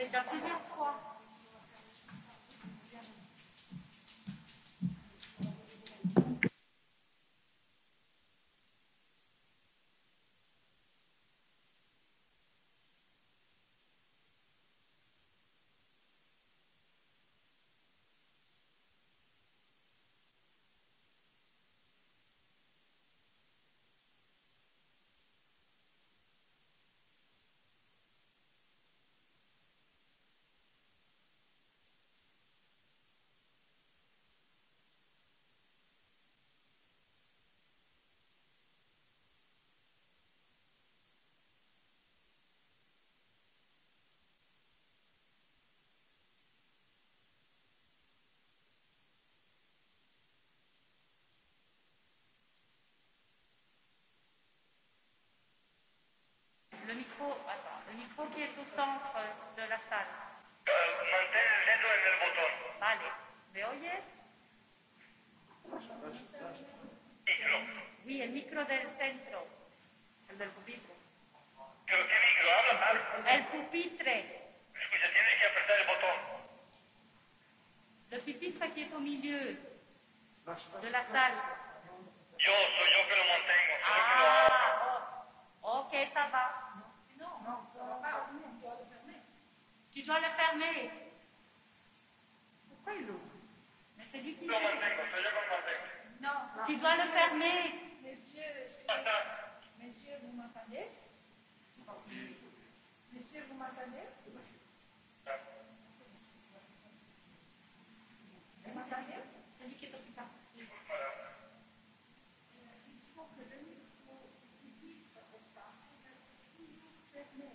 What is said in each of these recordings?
Did you el pupitre. ¿Pero qué micro? Habla mal. El pupitre. Escucha, tienes que apretar el botón. Le pupitre qui est au medio de la sala. Yo, soy yo que lo mantengo, soy ah, que lo hago. Oh, ok, está va. No, no, no, no. Tu dois le fermer. Pourquoi il l'ouvre Mais c'est lui qui le mantengo, soy No, no. Tu dois le fermer. Messieurs, excusez-moi. Monsieur, vous m'entendez Monsieur, vous m'entendez Vous m'entendez Il faut que le micro puisse obstacle, mais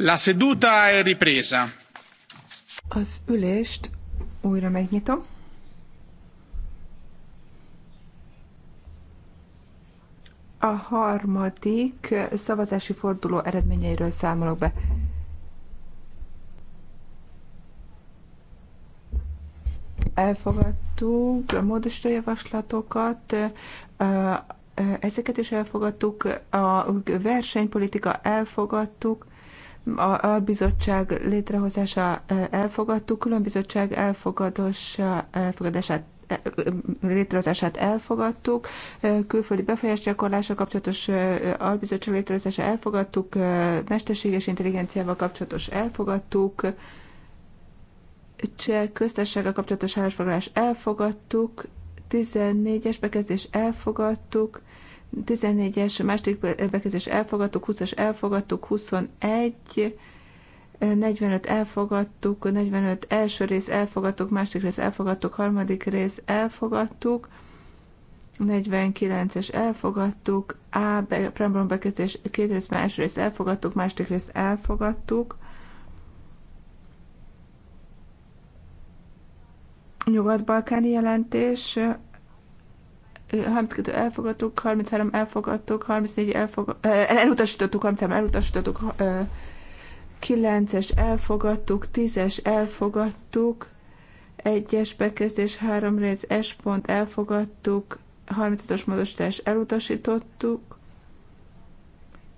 La seduta è ripresa. Az ülést újra megnyitom. A harmadik szavazási forduló eredményeiről számolok be. Elfogadtuk a módosító javaslatokat, ezeket is elfogadtuk, a versenypolitika elfogadtuk, a, a bizottság létrehozása elfogadtuk, különbizottság elfogadása, elfogadását létrehozását elfogadtuk, külföldi befolyásgyakorlással kapcsolatos albizottság létrehozása elfogadtuk, mesterséges intelligenciával kapcsolatos elfogadtuk, cseh köztársasággal kapcsolatos állásfoglalás elfogadtuk, 14-es bekezdés elfogadtuk, 14-es a második bekezdés elfogadtuk, 20-as elfogadtuk, 21, 45 elfogadtuk, 45 első rész elfogadtuk, második rész elfogadtuk, harmadik rész elfogadtuk, 49-es elfogadtuk, A be, preambulum bekezdés két részben első rész elfogadtuk, második rész elfogadtuk, nyugat-balkáni jelentés 32 elfogadtuk, 33 elfogadtuk, 34 elfogadtuk, elutasítottuk, 33 elutasítottuk, 9-es elfogadtuk, 10-es elfogadtuk, 1-es bekezdés, 3 rész, S pont elfogadtuk, 35-ös módosítás elutasítottuk,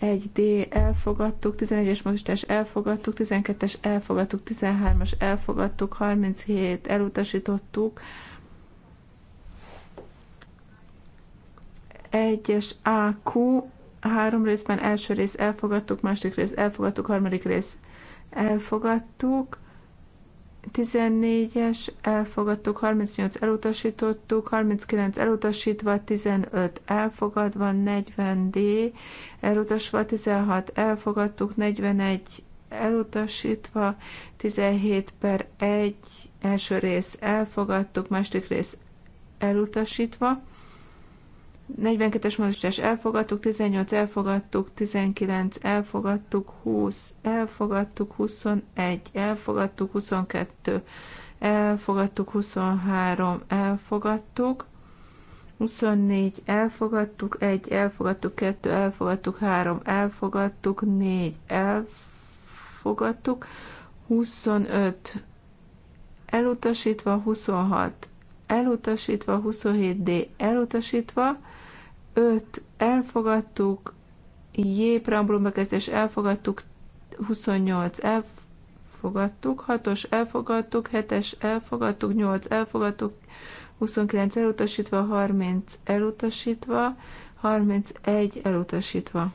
1D elfogadtuk, 11-es módosítás elfogadtuk, 12-es elfogadtuk, 13-as elfogadtuk, 37 elutasítottuk, 1-es AQ, három részben, első rész elfogadtuk, második rész elfogadtuk, harmadik rész elfogadtuk, 14-es elfogadtuk, 38 elutasítottuk, 39 elutasítva, 15 elfogadva, 40D elutasva, 16 elfogadtuk, 41 elutasítva, 17 per 1 első rész elfogadtuk, második rész elutasítva, 42-es mozgás elfogadtuk, 18 elfogadtuk, 19 elfogadtuk, 20 elfogadtuk, 21 elfogadtuk, 22 elfogadtuk, 23 elfogadtuk, 24 elfogadtuk, 1 elfogadtuk, 2 elfogadtuk, 3 elfogadtuk, 4 elfogadtuk, 25 elutasítva, 26 elutasítva, 27D elutasítva, 5 elfogadtuk, J preambulum bekezdés elfogadtuk, 28 elfogadtuk, 6-os elfogadtuk, 7-es elfogadtuk, 8 elfogadtuk, 29 elutasítva, 30 elutasítva, 31 elutasítva.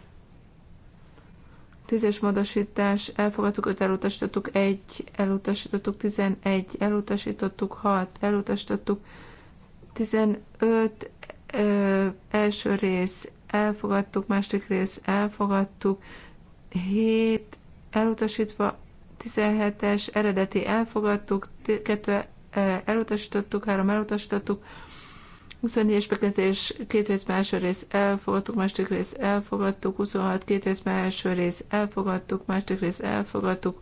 Tízes módosítás, elfogadtuk, öt elutasítottuk, egy elutasítottuk, tizenegy elutasítottuk, hat elutasítottuk, tizenöt első rész elfogadtuk, második rész elfogadtuk, hét elutasítva, 17-es eredeti elfogadtuk, kettő elutasítottuk, három elutasítottuk, 24-es bekezdés két rész első rész elfogadtuk, második rész elfogadtuk, 26 két rész első rész elfogadtuk, második rész elfogadtuk,